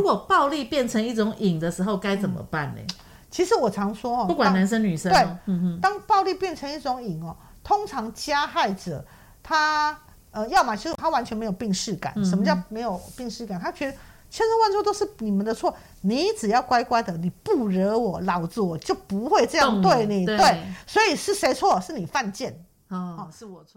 如果暴力變成一種癮的時候，該怎麼辦呢、嗯？其實我常說哦，不管男生女生，對、嗯，當暴力變成一種癮哦，通常加害者他呃，要麼就是他完全沒有病識感、嗯。什麼叫沒有病識感？他覺得千錯萬錯都是你們的錯，你只要乖乖的，你不惹我，老子我就不會這樣對你。對，對，所以是誰錯？是你犯賤、哦。哦，是我錯。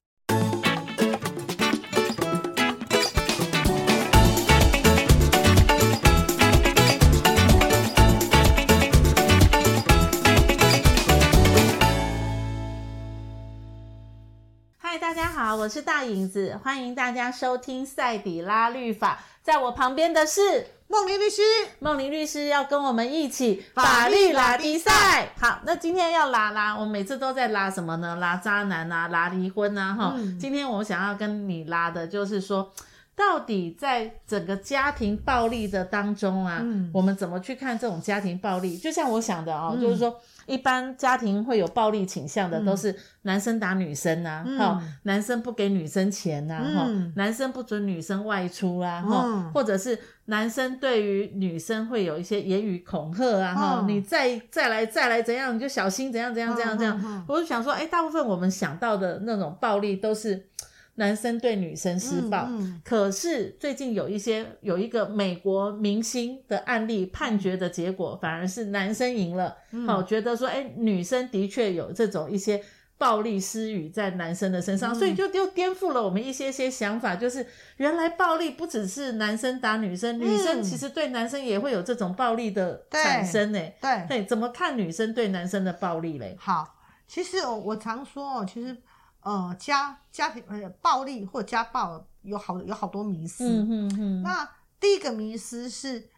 大家好，我是大影子，歡迎大家收聽賽底拉律法。在我旁邊的是孟玲律師，孟玲律師要跟我們一起法律拉力賽。好，那今天要拉拉，我們每次都在拉什麼呢？拉渣男啊，拉離婚啊，哈、嗯。今天我想要跟你拉的，就是說，到底在整個家庭暴力的當中啊、嗯，我們怎麼去看這種家庭暴力？就像我想的啊、哦嗯，就是說。一般家庭會有暴力傾向的，都是男生打女生吶、啊嗯，男生不給女生錢吶、啊嗯，男生不准女生外出啊、嗯，或者是男生對於女生會有一些言語恐嚇啊，嗯、你再再來再來怎樣，你就小心怎樣怎樣怎、嗯、樣怎樣、嗯嗯嗯。我就想說，誒，大部分我們想到的那種暴力都是。男生對女生施暴，嗯嗯、可是最近有一些有一個美國明星的案例，判決的結果反而是男生贏了。好、嗯哦，覺得說，誒、欸、女生的確有這種一些暴力施予在男生的身上，嗯、所以就又顛覆了我們一些些想法，就是原來暴力不只是男生打女生，嗯、女生其實對男生也會有這種暴力的產生、欸。對，對怎麼看女生對男生的暴力嘞？好，其實我我常說哦、喔，其實。呃，家家庭呃暴力或家暴有好有好多迷思。嗯嗯嗯。那第一個迷思是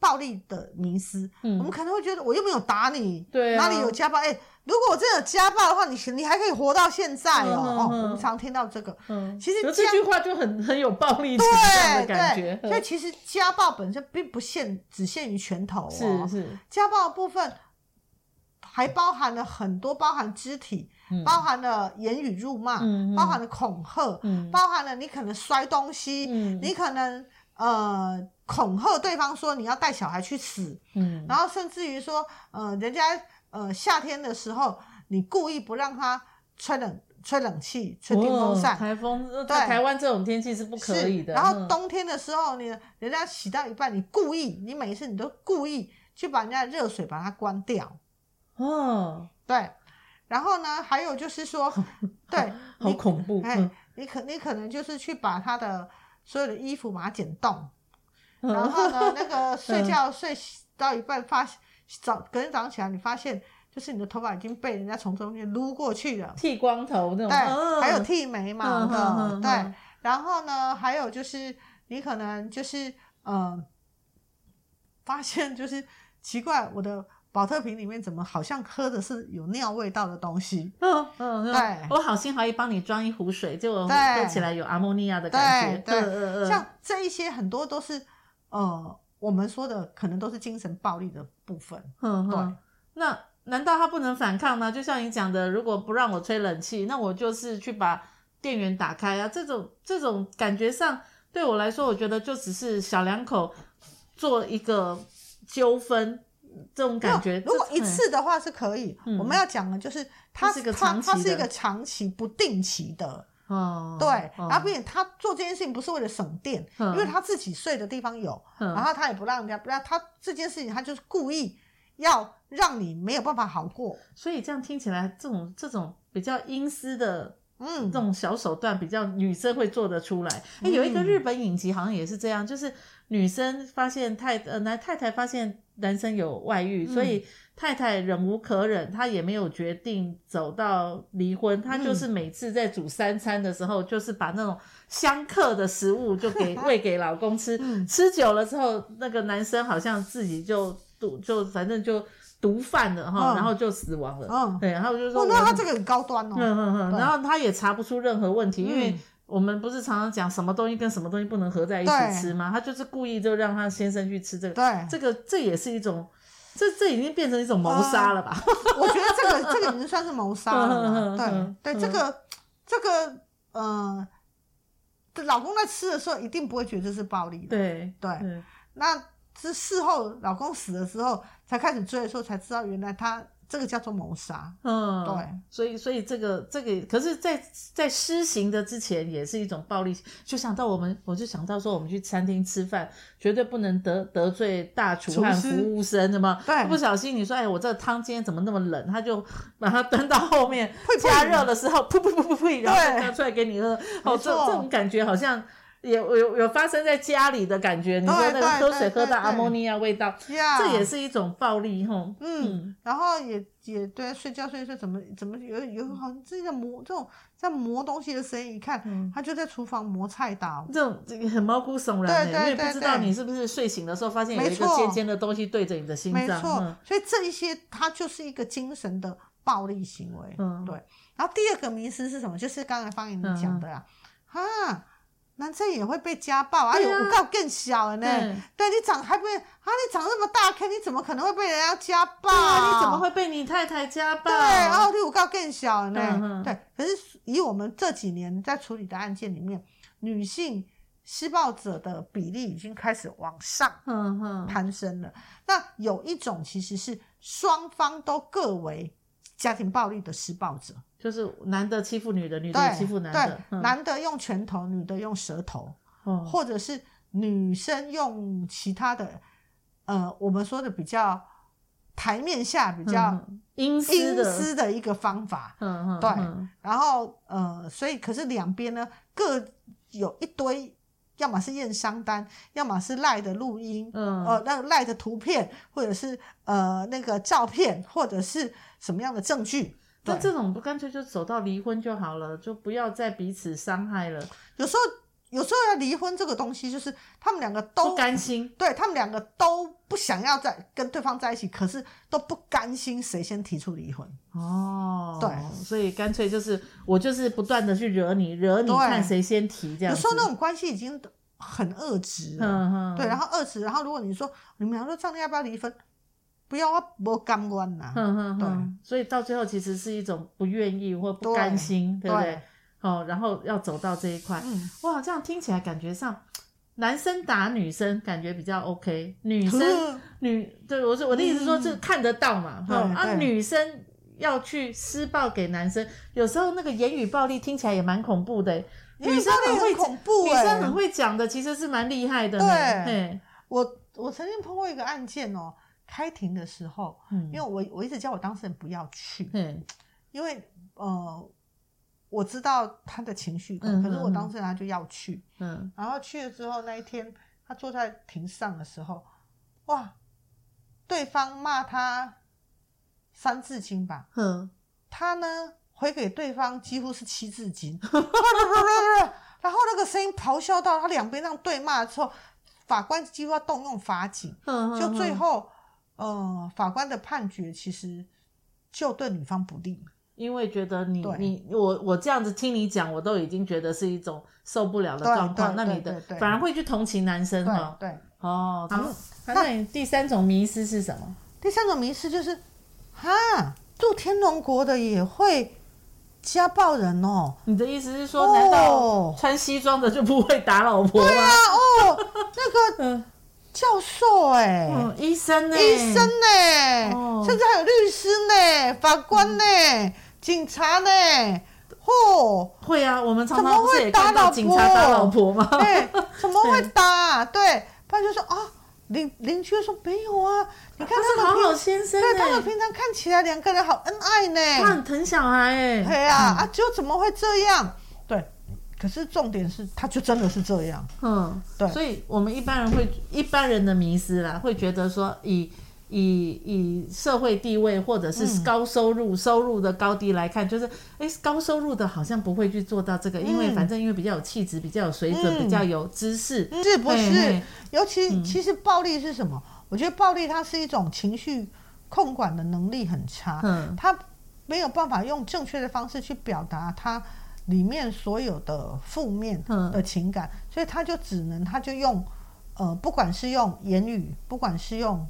暴力的迷思、嗯，我們可能會覺得，我又沒有打你，對、嗯，哪裡有家暴？哎、欸，如果我真的有家暴的話，你你還可以活到現在哦。嗯、哼哼哦，我們常聽到這個。嗯，其實、嗯、這句話就很很有暴力對對，的感覺。對對，所以其實家暴本身並不限只限於拳頭、哦，是是。家暴的部分。還包含了很多，包含肢體，包含了言語辱罵、嗯，包含了恐嚇、嗯，包含了你可能摔東西，嗯、你可能呃恐嚇對方說，你要帶小孩去死，嗯、然後甚至於說呃人家呃夏天的時候，你故意不讓他吹冷吹冷氣吹電風扇，哦、颱風對，台灣這種天氣是不可以的。然後冬天的時候、嗯，你人家洗到一半，你故意你每一次你都故意去把人家的熱水把它關掉。哦、oh.，對，然後呢，還有就是說， 對，很恐怖！哎、欸嗯，你可你可能就是去把他的所有的衣服把它剪動、oh. 然後呢， 那個睡覺睡到一半發，發早隔天早上起來，你發現就是你的頭髮已經被人家從中間擼過去了，剃光頭那種。對，oh. 還有剃眉毛的、oh. 嗯。對，然後呢，還有就是你可能就是嗯、呃，發現就是奇怪，我的。寶特瓶裡面怎麼好像喝的是有尿味道的東西？嗯嗯，對。我好心好意幫你裝一壺水，結果喝起來有阿摩尼亞的感覺。對對呵呵呵，像這一些很多都是，呃，我們說的可能都是精神暴力的部分。嗯嗯。對。那難道他不能反抗嗎？就像你講的，如果不讓我吹冷氣，那我就是去把電源打開啊。這種這種感覺上，對我來說，我覺得就只是小兩口做一個糾紛。這種感覺，如果一次的話是可以。嗯、我們要講的就是，他，它他是一個長期不定期的，哦，對，然後並且他做這件事情不是為了省電，嗯、因為他自己睡的地方有，嗯、然後他也不讓人家，不讓他這件事情，他就是故意要讓你沒有辦法好過。所以這樣聽起來，這種這種比較陰私的。嗯，這種小手段比較女生會做得出來。欸、有一個日本影集好像也是這樣，嗯、就是女生發現太呃，太太發現男生有外遇，嗯，所以太太忍無可忍，她也沒有決定走到離婚，她就是每次在煮三餐的時候，嗯、就是把那種相克的食物就給餵給老公吃，嗯，吃久了之後，那個男生好像自己就堵，就反正就。毒發了哈，然後就死亡了。嗯，對，然後就說，那他這個很高端哦。嗯嗯嗯，然後他也查不出任何問題、嗯，因為我們不是常常講什麼東西跟什麼東西不能合在一起吃嗎？他就是故意就讓他先生去吃這個。對，這個這也是一種，這這已經變成一種謀殺了吧？嗯、我覺得這個 這個已經算是謀殺了。對、嗯、對，這個這個嗯，老公在吃的時候一定不會覺得是暴力的。對對，那是事後老公死的時候。才開始追的時候才知道，原來他這個叫做謀殺。嗯，對。所以所以這個這個，可是在，在在施行的之前也是一種暴力。就想到我們，我就想到說，我們去餐廳吃飯，絕對不能得得罪大廚和服務生，什麼？對。不小心你說，哎，我這個湯今天怎麼那麼冷？他就把它端到後面呸呸加熱的時候，噗噗噗噗噗，然後拿出來給你喝。好，這、哦、這種感覺好像。有有有發生在家裡的感覺，你說那個喝水喝到阿摩尼亞味道，這也是一種暴力，yeah. 嗯，然後也也對，睡覺睡睡怎麼怎麼有有好像自己在磨、嗯、這種在磨東西的聲音，一看、嗯、他就在廚房磨菜刀、嗯，這種很毛骨悚然的、欸，因為不知道你是不是睡醒的時候沒錯發現有一個尖尖的東西對着你的心臟。沒錯、嗯，所以這一些它就是一個精神的暴力行為。嗯，對。然後第二個迷思是什麼？就是剛才方言你講的啊，嗯、啊。男生也會被家暴啊，啊，有五告更小了呢。對，你長還不……啊，你長這麼大看，你怎麼可能會被人家家，家暴？對、啊、你怎麼會被你太太家暴？對，哦、啊，你五告更小了呢。Uh -huh. 對，可是以我們這幾年在處理的案件裡面，女性施暴者的比例已經開始往上，攀升了。Uh -huh. 那有一種其實是雙方都各為家庭暴力的施暴者。就是男的欺負女的，女的欺負男的。對，對、嗯，男的用拳頭，女的用舌頭、嗯，或者是女生用其他的，呃，我們說的比較台面下比較陰陰私的一個方法。嗯嗯。對，嗯嗯嗯、然後呃，所以可是兩邊呢，各有一堆，要麼是驗傷單，要麼是 LINE 的錄音，嗯，LINE、呃、的圖片，或者是呃那個照片，或者是什麼樣的證據。那這種不乾脆就走到離婚就好了，就不要再彼此傷害了？有時候，有時候要離婚這個東西，就是個，就是他們兩個都不甘心。對，他們兩個都不想要再跟對方在一起，可是都不甘心誰先提出離婚。哦，對，所以乾脆就是我就是不斷的去惹你，惹你看誰先提，這樣。有時候那種關係已經很惡質，對，然後惡質，然後如果你說你們兩個商量，要不要離婚？不要我不甘願啦，嗯嗯嗯，所以到最後其實是一種不願意或不甘心，對，對不對？哦、嗯，然後要走到這一塊，哇、嗯，這樣聽起來感覺上，男生打女生感覺比較 OK，女生女對我是我的意思是說，是看得到嘛？哈、嗯嗯、啊，女生要去施暴給男生，有時候那個言語暴力聽起來也蠻恐怖的恐怖，女生很會恐怖，女生很會講的，其實是蠻厲害的呢對。對，我我曾經碰過一個案件哦、喔。開庭的時候，因為我我一直叫我當事人不要去，嗯、因為呃，我知道他的情緒、嗯，可是我當事人他就要去，嗯，然後去了之後那一天，他坐在庭上的時候，哇，對方罵他三字經吧，嗯，他呢回給對方幾乎是七字經， 然後那個聲音咆哮到他兩邊這樣對罵的時候，法官幾乎要動用法警，嗯、就最後。呃，法官的判決其實就對女方不利，因為覺得你你我我這樣子聽你講，我都已經覺得是一種受不了的狀況。那你的反而會去同情男生嗎？哦？對，哦，好。那你第三種迷思是什麼？第三種迷思就是，哈，住天龍國的也會家暴人哦。你的意思是說，哦，難道穿西裝的就不會打老婆嗎？對啊，哦， 那個。呃教授哎、欸哦，醫生呢、欸？醫生呢、欸哦？甚至還有律師呢、欸、法官呢、欸嗯、警察呢、欸？嚯、哦！會啊，我們常常也看到警察怎麼會打老婆。對、欸，怎麼會打、啊？對，他就說啊，鄰鄰居又說沒有啊，你看他們、啊、好好先生、欸，對他們平常看起來兩個人好恩愛呢、欸，他很疼小孩哎、欸，對啊、嗯，啊，就怎麼會這樣？可是重點是，他就真的是這樣。嗯，對。所以，我們一般人會一般人的迷思啦，會覺得說以，以以以社會地位或者是高收入，嗯，收入的高低來看，就是，誒，高收入的好像不會去做到這個，嗯，因為反正因為比較有氣質、比較有水準，嗯，比較有知識，嗯，是不是？嘿嘿尤其，嗯、其實暴力是什麼？我覺得暴力它是一種情緒控管的能力很差，嗯，他沒有辦法用正確的方式去表達他。裡面所有的負面的情感，所以他就只能，他就用，呃，不管是用言語，不管是用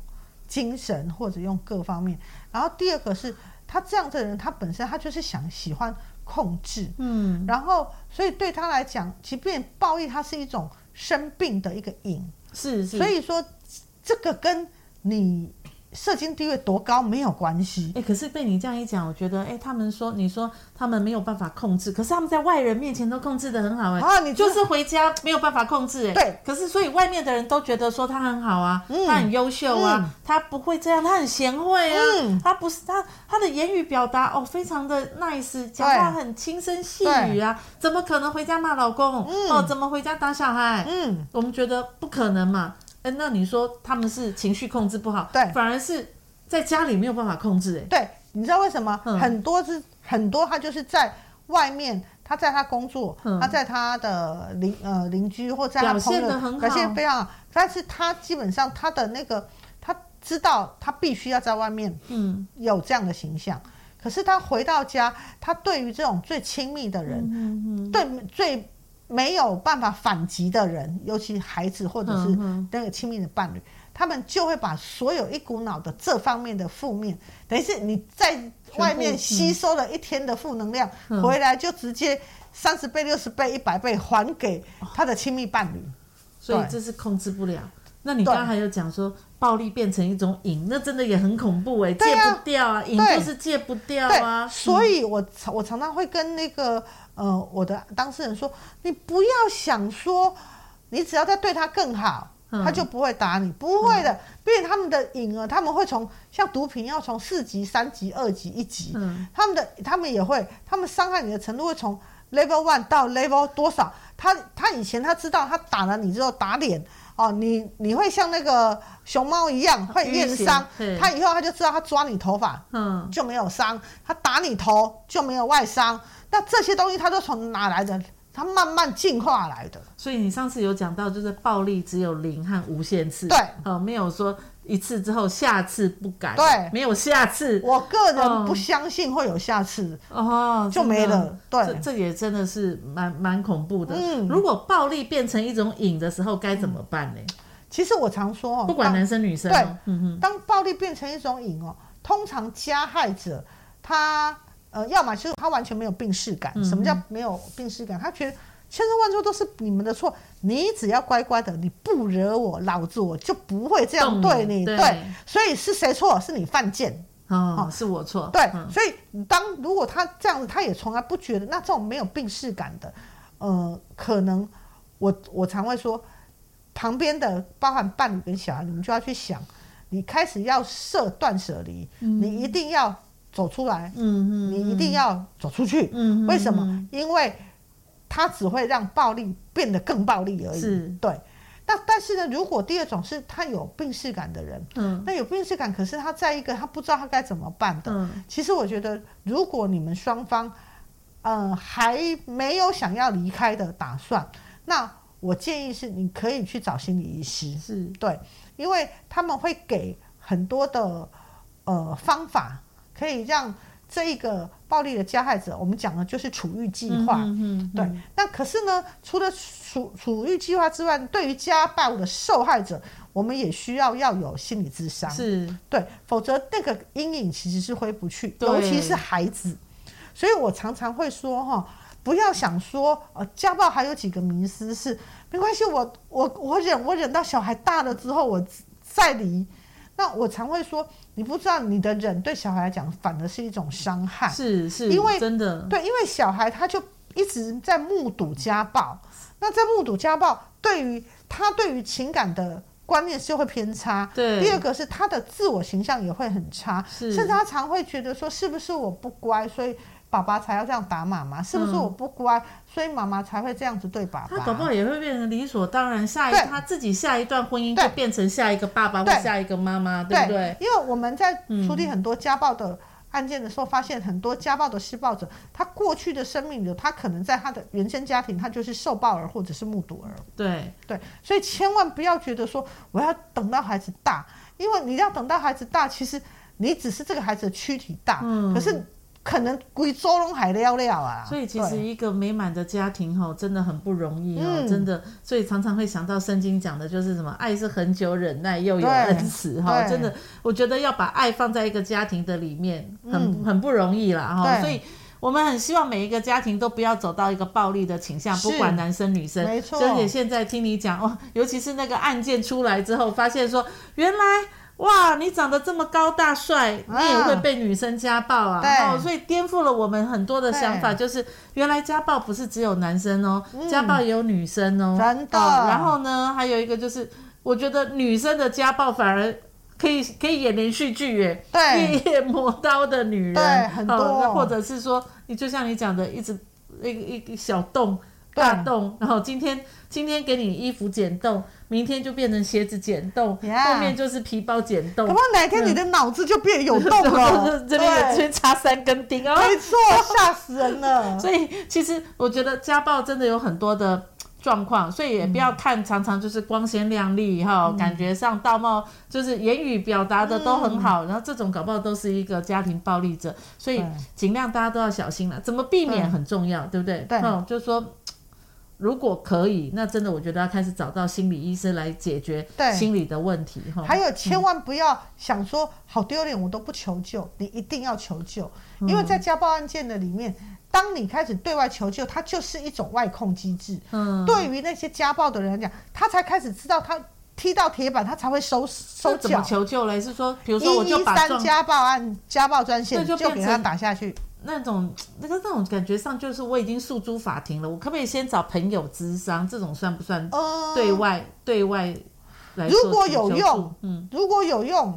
精神或者用各方面。然後第二個是他這樣的人，他本身他就是想喜歡控制，嗯，然後所以對他來講，即便暴力，他是一種生病的一個癮，是是，所以說這個跟你。社經地位多高沒有關係，哎、欸，可是被你這樣一講，我覺得，哎、欸，他們說你說他們沒有辦法控制，可是他們在外人面前都控制得很好，欸，哎，啊，你就是回家沒有辦法控制，欸，哎，對，可是所以外面的人都覺得說他很好啊，嗯、他很優秀啊、嗯，他不會這樣，他很賢惠啊，啊、嗯，他不是他他的言語表達哦，非常的 nice，講話很輕聲細語啊，怎麼可能回家罵老公、嗯，哦，怎麼回家打小孩，嗯，我們覺得不可能嘛。欸、那你說他們是情緒控制不好，對，反而是在家裡沒有辦法控制、欸。哎，對，你知道為什麼？嗯、很多是很多，他就是在外面，他在他工作，嗯、他在他的鄰呃鄰居或在他，他朋友，表現得很好，表現非常好。但是他基本上他的那個，他知道他必須要在外面，嗯，有這樣的形象、嗯。可是他回到家，他對於這種最親密的人，嗯嗯、對最。沒有辦法反擊的人，尤其孩子或者是那個親密的伴侶、嗯，他們就會把所有一股腦的這方面的負面，等於是你在外面吸收了一天的負能量，嗯、回來就直接三十倍、六十倍、一百倍還給他的親密伴侶、嗯，所以這是控制不了。那你剛剛還有講說暴力變成一種癮，那真的也很恐怖哎、欸啊，戒不掉啊對，癮就是戒不掉啊。對對嗯、所以我我常常會跟那個。呃，我的當事人說：“你不要想說，你只要在對他更好、嗯，他就不會打你，不會的。因、嗯、竟他們的癮啊，他們會從像毒品要從四級、三級、二級、一級，嗯、他們的他們也會，他們傷害你的程度會從 level one 到 level 多少。他他以前他知道他打了你之後打臉哦、呃，你你會像那個熊貓一樣會驗傷，他以後他就知道他抓你頭髮，嗯，就沒有傷；他打你頭就沒有外傷。”那這些東西它都從哪來的？它慢慢進化來的。所以你上次有講到，就是暴力只有零和無限次，對，呃、哦，沒有說一次之後下次不敢，對，沒有下次。我個人不相信會有下次，哦、嗯，就沒了。哦、對這，這也真的是蠻蠻恐怖的。嗯，如果暴力變成一種癮的時候，該怎麼辦呢、嗯？其實我常說哦，不管男生女生，對、嗯哼，當暴力變成一種癮哦，通常加害者他。呃，要麼就是他完全沒有病識感、嗯。什麼叫沒有病識感？他覺得千錯萬錯都是你們的錯，你只要乖乖的，你不惹我，老子，我，就不會這樣對你。對，對，所以是誰錯？是你犯賤。哦，是我錯，嗯。對，所以當如果他這樣子，他也從來不覺得那這種沒有病識感的，呃，可能我我常會說，旁邊的包含伴侶跟小孩，你們就要去想，你開始要設斷捨離，嗯，你一定要走出來，嗯嗯，你一定要走出去，嗯，為什麼？因為，他只會讓暴力變得更暴力而已。是，對。但但是呢，如果第二種是他有病識感的人，嗯，那有病識感，可是他在一個他不知道他該怎麼辦的、嗯。其實我覺得，如果你們雙方，呃，還沒有想要離開的打算，那我建議是你可以去找心理醫師，是對，因為他們會給很多的呃方法。可以讓這一個暴力的加害者，我們講的就是處遇計劃，對。那可是呢，除了處處遇計劃之外，對於家暴的受害者，我們也需要要有心理諮商，是對，否則那個陰影其實是揮不去，尤其是孩子。所以我常常會說哈，不要想說呃家暴還有幾個迷思是沒關係，我我我忍我忍到小孩大了之後，我再離。那我常會說，你不知道你的忍對小孩來講，反而是一種傷害。是是，因為真的對，因為小孩他就一直在目睹家暴，嗯。那在目睹家暴，對於他對於情感的觀念就會偏差。對，第二個是他的自我形象也會很差，是甚至他常會覺得說，是不是我不乖，所以。爸爸才要這樣打媽媽，是不是我不乖，嗯、所以媽媽才會這樣子對爸爸？他搞不好也會變成理所當然，下一他自己下一段婚姻就變成下一個爸爸或下一個媽媽，對不對？對，因為我們在處理很多家暴的案件的時候，發現很多家暴的施暴者，他過去的生命裡，他可能在他的原生家庭，他就是受暴兒或者是目睹兒。對對，所以千萬不要覺得說我要等到孩子大，因為你要等到孩子大，其實你只是這個孩子的軀體大，嗯、可是。可能歸周龍海撩撩啊！所以其實一個美滿的家庭哈，真的很不容易、嗯、真的。所以常常會想到聖經講的就是什麼，愛是恆久忍耐又有恩慈哈。真的，我覺得要把愛放在一個家庭的裡面，很、嗯、很不容易啦哈。所以我們很希望每一個家庭都不要走到一個暴力的傾向，不管男生女生。沒錯。珍姐現在聽你講哦，尤其是那個案件出來之後，發現說原來。哇，你長得這麼高大帥，你也會被女生家暴啊？嗯、對、哦，所以顛覆了我們很多的想法，就是原來家暴不是只有男生哦，嗯、家暴也有女生哦。真的、哦。然後呢，還有一個就是，我覺得女生的家暴反而可以可以，可以演連續劇耶，可以月夜磨刀的女人，對、哦，很多，或者是說，你就像你講的，一直一一,一小洞，大洞，然後今天今天給你衣服剪洞。明天就變成鞋子剪洞，Yeah. 後面就是皮包剪洞，搞不好哪一天你的腦子就變有洞了，嗯、 這邊也插三根釘哦，沒錯，嚇死人了。 所以其實我覺得家暴真的有很多的狀況，所以也不要看常常就是光鮮亮麗哈、嗯哦，感覺上道貌就是言語表達的都很好、嗯，然後這種搞不好都是一個家庭暴力者，所以儘量大家都要小心了，怎麼避免很重要，對,對不對？對，嗯、就是說。如果可以，那真的我覺得要開始找到心理醫生來解決心理的問題哈。還有千萬不要想說好丟臉、嗯、我都不求救，你一定要求救，因為在家暴案件的裡面，嗯、當你開始對外求救，它就是一種外控機制。嗯，對於那些家暴的人來講，他才開始知道他踢到鐵板，他才會收收腳。怎麼求救嘞？是說，比如說我就把113家暴案、家暴專線就，就給他打下去。那種那個那種感覺上，就是我已經訴諸法庭了，我可不可以先找朋友谘商？這種算不算對外、嗯、對外來？如果有用，求求嗯、如果有用，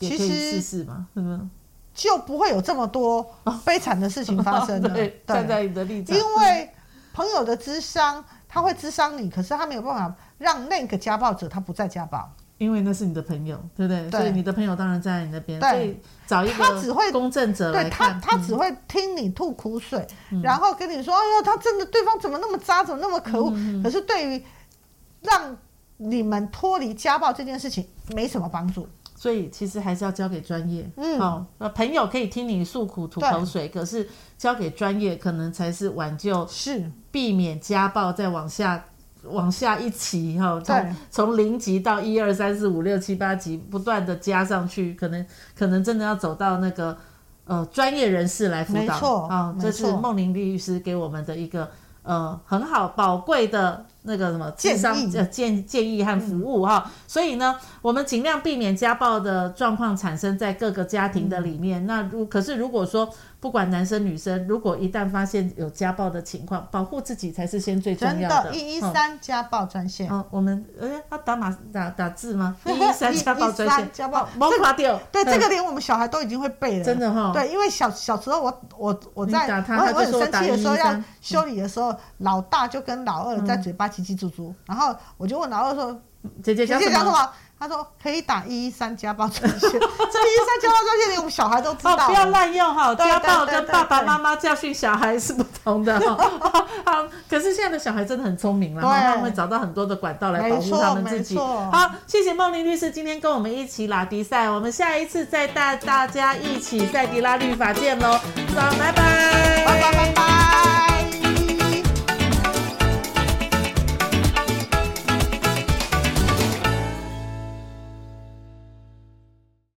試試其實不就不會有這麼多悲慘的事情發生、哦、了。站在你的立場，因為朋友的谘商，他會谘商你，可是他沒有辦法讓那個家暴者他不再家暴。因為那是你的朋友，對不對？對，所以你的朋友當然站在你那邊。所以找一個公正者他只會，對他，他只會聽你吐苦水、嗯，然後跟你說：“哎呦，他真的，對方怎麼那麼渣，怎麼那麼可惡嗯嗯嗯？”可是對於讓你們脫離家暴這件事情沒什麼幫助。所以其實還是要交給專業。嗯，好、哦，那朋友可以聽你訴苦、吐口水，可是交給專業可能才是挽救，是避免家暴再往下。往下一級後，從從零級到一二三四五六七八級，不斷的加上去，可能可能真的要走到那個呃，專業人士來輔導啊、沒錯、哦，這是孟玲律師給我們的一個呃，很好寶貴的。那個什麼，建議，呃、建建議和服務哈、嗯，所以呢，我們盡量避免家暴的狀況產生在各個家庭的裡面。嗯、那如可是如果說不管男生女生，如果一旦發現有家暴的情況，保護自己才是先最重要的。真的，一一三家暴專線。我們哎，要、啊、打碼打打字嗎？一一三家暴專線。家暴。對、哦、這個，嗯這個、連我們小孩都已經會背了。真的哈、哦。對，因為小小時候我我我在打他我很他我，打我很生氣的時候，13，要修理的時候、嗯，老大就跟老二在嘴巴。嘰嘰足足，然後我就問老二說，姐姐講什麼？他說可以打一一三家暴專線。 這」警線，這一一三家暴專線連我們小孩都知道，不要濫用哈，家暴跟爸爸媽媽教訓小孩是不同的哈。對對對對對。 可是現在的小孩真的很聰明了，然後會找到很多的管道來保護他們自己。好，謝謝孟玲律師今天跟我們一起拉迪賽，我們下一次再帶大家一起賽底拉律法見嘍、so，拜拜拜拜拜拜。